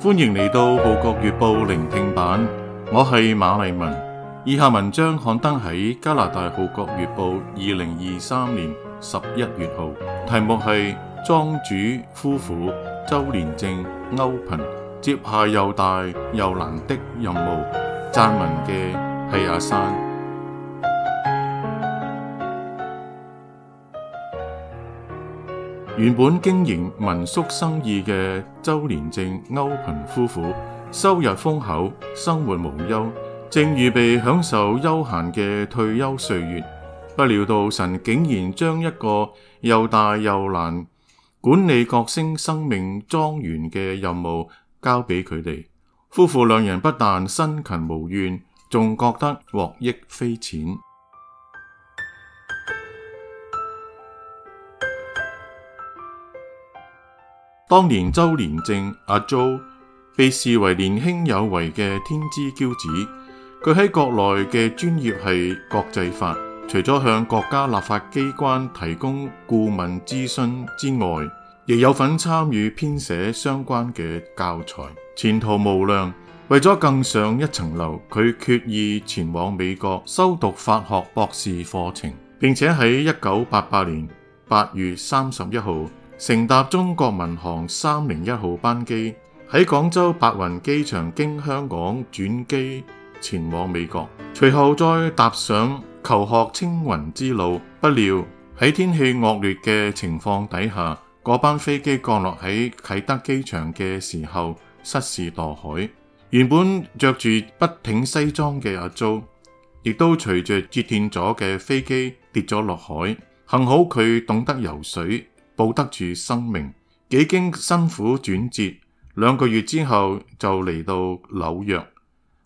歡迎嚟到《號角月報》聆聽版，我係馬麗文。以下文章刊登喺加拿大《號角月報》二零二三年十一月號，題目係《莊主夫婦周年政》，區頻接下又大又難的任務，撰文嘅係阿山。原本經營民宿生意嘅周年政、區頻夫婦，收入豐厚，生活無憂，正預備享受悠閒嘅退休歲月。不料到神竟然將一個又大又難管理、角聲生命莊園嘅任務交俾佢哋。夫婦兩人不但辛勤無怨，仲覺得獲益匪淺。當年周年政阿 Joe 被視為年輕有為嘅天之驕子，佢喺國內嘅專業係國際法，除咗向國家立法機關提供顧問諮詢之外，亦有份參與編寫相關嘅教材，前途無量。為咗更上一層樓，佢決意前往美國修讀法學博士課程，並且喺一九八八年八月三十一號乘搭中國民航三零一號班機喺廣州白雲機場經香港轉機前往美國，隨後再踏上求學青雲之路。不料喺天氣惡劣嘅情況底下，嗰班飛機降落喺啟德機場嘅時候失事墮海。原本穿着住筆挺西裝嘅阿周，亦都隨着折斷咗嘅飛機跌咗落海。幸好佢懂得游水。保得住生命，幾經辛苦轉折，兩個月之後就嚟到紐約。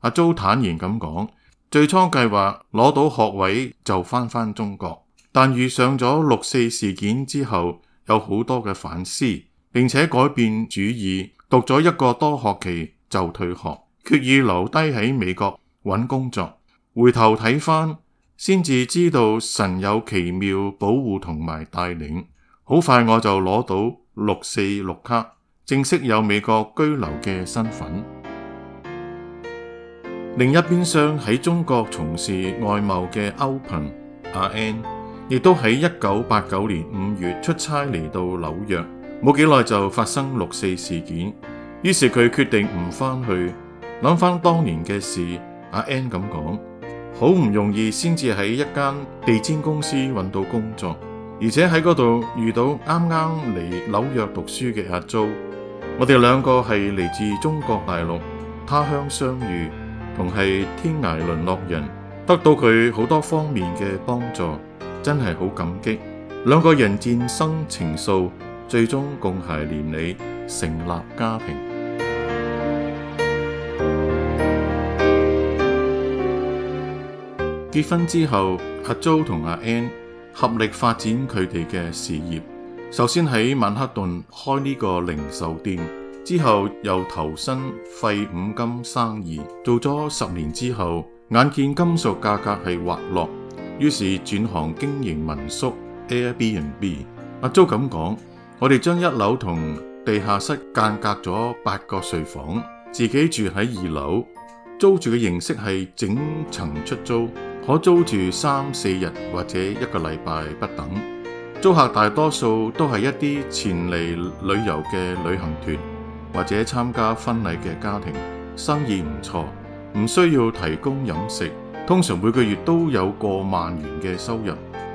阿、啊、周坦然咁講，最初計劃攞到學位就翻翻中國，但遇上咗六四事件之後，有好多嘅反思，並且改變主意，讀咗一個多學期就退學，決意留低喺美國揾工作。回頭睇翻，先至知道神有奇妙保護同埋帶領。好快我就攞到六四綠卡，正式有美國居留嘅身份。另一邊廂喺中國從事外貿嘅區頻阿 N，亦都喺一九八九年五月出差嚟到紐約，冇幾耐就發生六四事件，於是佢決定唔返去。諗返當年嘅事，阿 N 咁講，好唔容易先至喺一間地氈公司搵到工作。而且喺嗰度遇到啱啱嚟紐約讀書嘅阿周，我哋兩個係嚟自中國大陸，他鄉相遇，同係天涯淪落人，得到佢好多方面嘅幫助，真係好感激。兩個人漸生情愫，最終共諧連理，成立家庭。結婚之後，阿周 o 同阿 a 合力發展佢哋嘅事業。首先喺曼克頓開呢個零售店，之後又投身廢五金生意，做咗十年之後，眼見金屬價格係滑落，於是轉行經營民宿 Airbnb。阿周咁講：我哋將一樓同地下室間隔咗八個睡房，自己住喺二樓，租住嘅形式係整層出租。可租住三四日或者一個禮拜不等，租客大多數都係一啲前嚟旅遊嘅旅行團或者參加婚禮嘅家庭，生意唔錯，唔需要提供飲食，通常每個月都有過萬元嘅收入。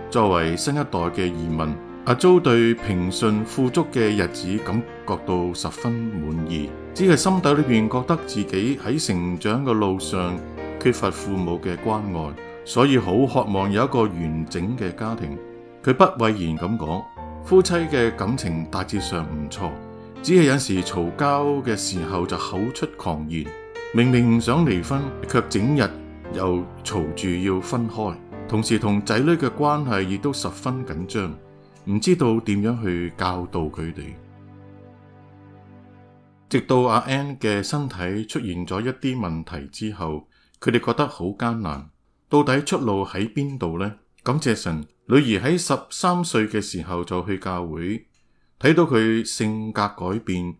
作為新一代嘅移民，阿周對平順富足嘅日子感覺到十分滿意，只係心底裏面覺得自己喺成長嘅路上缺乏父母嘅關愛。所以好渴望有一個完整嘅家庭。佢不諱言咁講，夫妻嘅感情大致上唔錯，只係有時嘈交嘅時候就口出狂言。明明唔想離婚，卻整日又嘈住要分開。同時同仔女嘅關係亦都十分緊張，唔知道點樣去教導佢哋。直到阿 Anne 嘅身體出現咗一啲問題之後，佢哋覺得好艱難。到底出路喺邊度呢？感謝神，女兒喺十三歲嘅時候就去教會，睇到佢性格改變，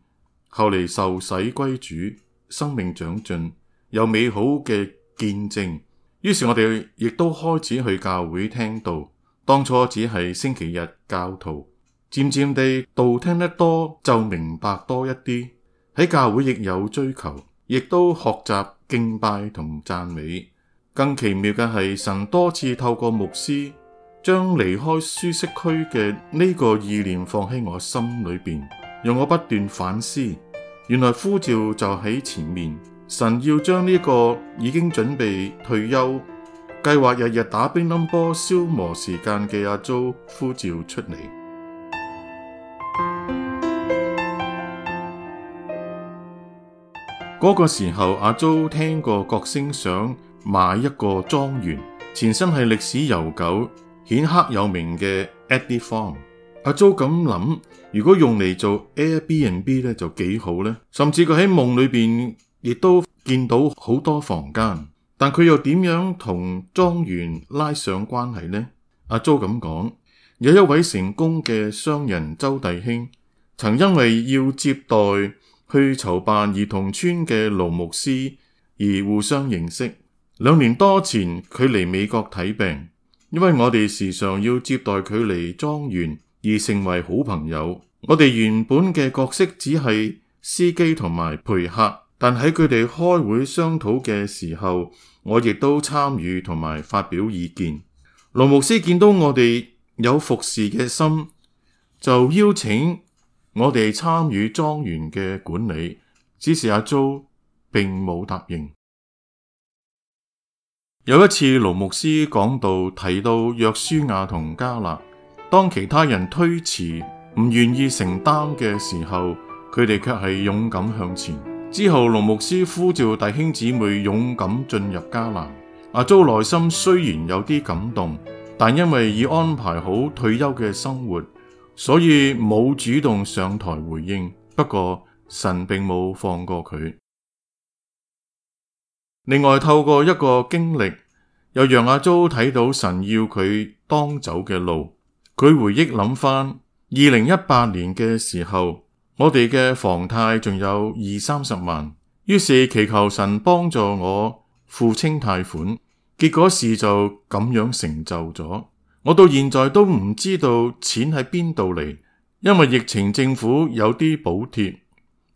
後嚟受洗歸主，生命長進，有美好嘅見證。於是我哋亦都開始去教會聽道。當初只係星期日教徒，漸漸地道聽得多就明白多一啲。喺教會亦有追求，亦都學習敬拜同讚美。更奇妙嘅係，神多次透過牧師將離開舒適區嘅呢個意念放喺我心裏面，讓我不斷反思。原來呼召就喺前面，神要將呢個已經準備退休、計劃日日打乒乓波消磨時間嘅阿周呼召出嚟。嗰 個時候，阿周聽過角聲想買一個莊園，前身係歷史悠久、顯赫有名嘅 Eddy Farm。阿、啊、周咁諗，如果用嚟做 Airbnb 呢，就幾好呢。甚至佢喺夢裏面亦都見到好多房間，但佢又點樣同莊園拉上關係呢？阿、啊、周咁講，有一位成功嘅商人周弟兄曾因為要接待去籌辦兒童村嘅盧牧師而互相認識。兩年多前，佢嚟美國睇病，因為我哋時常要接待佢嚟莊園，而成為好朋友。我哋原本嘅角色只係司機同埋陪客，但喺佢哋開會商討嘅時候，我亦都參與同埋發表意見。羅牧師見到我哋有服侍嘅心，就邀請我哋參與莊園嘅管理，只是阿周並冇答應。有一次，盧牧師講到提到約書亞同迦勒，當其他人推辭唔願意承擔嘅時候，佢哋卻係勇敢向前。之後，盧牧師呼召弟兄姊妹勇敢進入迦南。阿祖內心雖然有啲感動，但因為已安排好退休嘅生活，所以冇主動上台回應。不過，神並冇放過佢。另外透過一個經歷，又讓阿周睇到神要佢當走嘅路。佢回憶諗返二零一八年嘅時候，我哋嘅房貸仲有二三十萬，於是祈求神幫助我付清貸款。結果事就咁樣成就咗。我到現在都唔知道錢喺邊度嚟，因為疫情政府有啲補貼，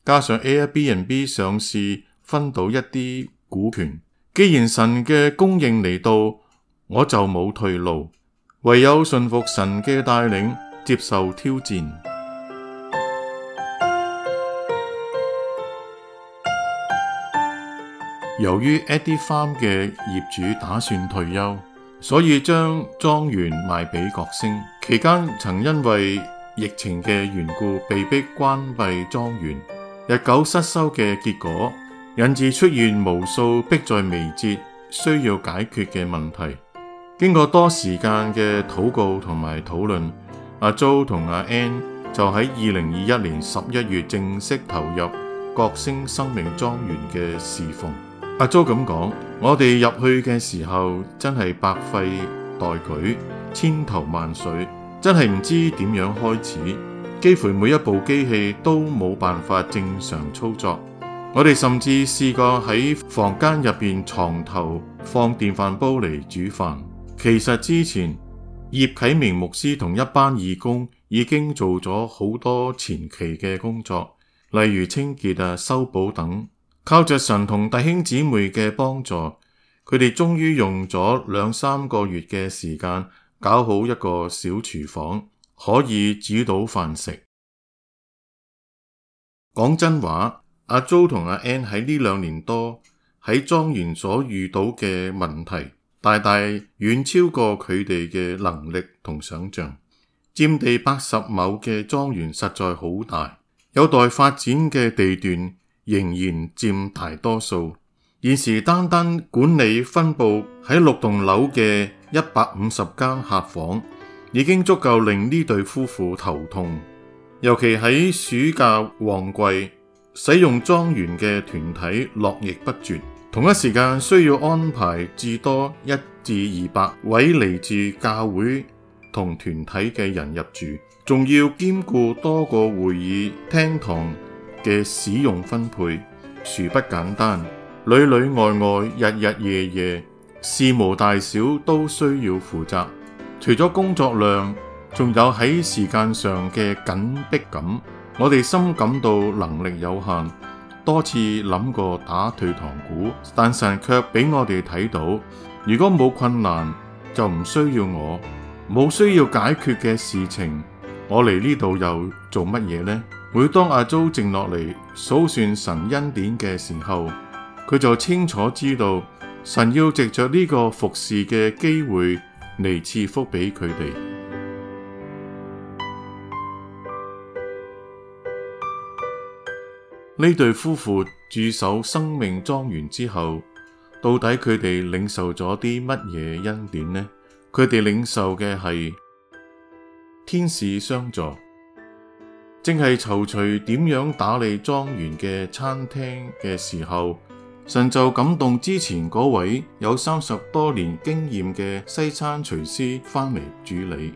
加上 Airbnb 上市分到一啲。股權，既然神嘅供應嚟到，我就冇退路，唯有順服神嘅帶領，接受挑戰。由於 Eddie Farm 嘅業主打算退休，所以將莊園賣俾角聲。期間曾因為疫情嘅緣故，被迫關閉莊園，日久失修嘅結果。引致出現無數迫在眉睫需要解決嘅問題。經過多時間嘅禱告同埋討論，阿 Jo 同阿 Ann 就喺二零二一年十一月正式投入角聲生命莊園嘅侍奉。阿 Jo 咁講：我哋入去嘅時候真係百廢待舉，千頭萬緒，真係唔知點樣開始，幾乎每一部機器都冇辦法正常操作。我哋甚至試過喺房間入面床頭放電飯煲嚟煮飯。其實之前，葉啟明牧師同一班義工已經做咗好多前期嘅工作，例如清潔啊、修補等。靠着神同弟兄姊妹嘅幫助，佢哋終於用咗兩三個月嘅時間搞好一個小廚房，可以煮到飯食。講真話。阿 Jo 同阿 Ann 喺呢兩年多喺莊園所遇到嘅問題，大大遠超過佢哋嘅能力同想像。佔地八十畝嘅莊園實在好大，有待發展嘅地段仍然佔大多數。現時單單管理分佈喺六棟樓嘅一百五十間客房，已經足夠令呢對夫婦頭痛，尤其喺暑假旺季。使用莊園嘅團體絡繹不絕，同一時間需要安排至多一至二百位嚟自教會同團體嘅人入住，仲要兼顧多個會議廳堂嘅使用分配，殊不簡單。裏裏外外，日日夜夜，事無大小都需要負責。除咗工作量，仲有喺時間上嘅緊迫感。我哋深感到能力有限，多次諗過打退堂鼓，但神卻俾我哋睇到，如果冇困難就唔需要我，冇需要解決嘅事情，我嚟呢度又做乜嘢呢？每當阿周靜落嚟數算神恩典嘅時候，佢就清楚知道神要藉着呢個服侍嘅機會嚟賜福俾佢哋。呢對夫婦駐守生命莊園之後，到底佢哋領受咗啲乜嘢恩典呢？佢哋領受嘅係天使相助，正係躊躇點樣打理莊園嘅餐廳嘅時候，神就感動之前嗰位有三十多年經驗嘅西餐廚師返嚟主理，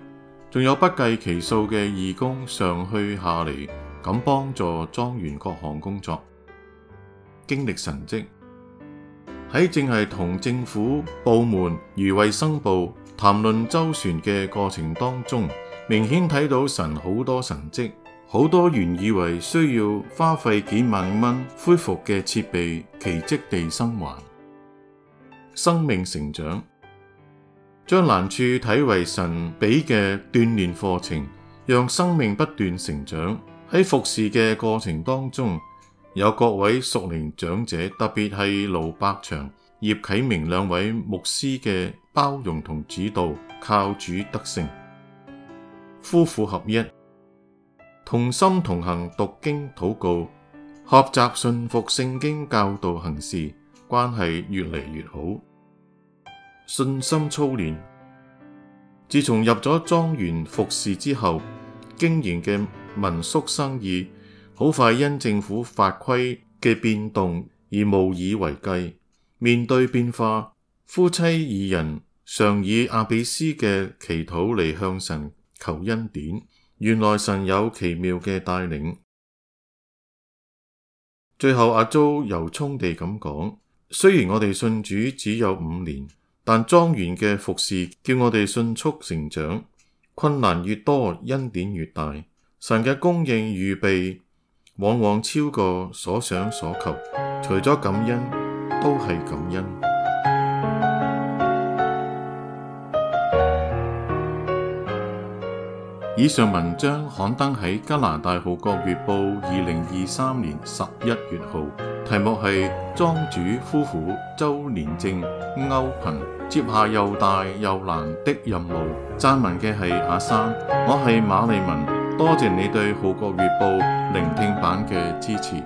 仲有不計其數嘅義工上去下嚟。咁幫助莊園各項工作，經歷神蹟喺，正係同政府部門如衛生部談論周旋嘅過程當中，明顯睇到神好多神蹟，好多原以為需要花費幾萬蚊恢復嘅設備，奇蹟地生還，生命成長，將難處睇為神俾嘅鍛煉課程，讓生命不斷成長。喺服侍嘅過程當中，有各位熟齡長者，特別係盧伯祥、葉啟明兩位牧師嘅包容同指導，靠主得勝，夫婦合一，同心同行讀經禱告，學習信服聖經教導行事，關係越嚟越好，信心操練。自從入咗莊園服侍之後，經營嘅。民宿生意好快因政府法規嘅變動而無以為繼。面對變化，夫妻二人常以阿比斯嘅祈禱嚟向神求恩典。原來神有奇妙嘅帶領。最後阿周由衷地咁講：雖然我哋信主只有五年，但莊園嘅服侍叫我哋迅速成長。困難越多，恩典越大。神嘅供應預備，往往超過所想所求，除咗感恩，都係感恩。以上文章刊登喺加拿大《號角月報》二零二三年十一月號，題目係《莊主夫婦周年政區頻接下又大又難的任務》，撰文嘅係阿三，我係馬利文。多謝你對角聲月報聆聽版嘅支持。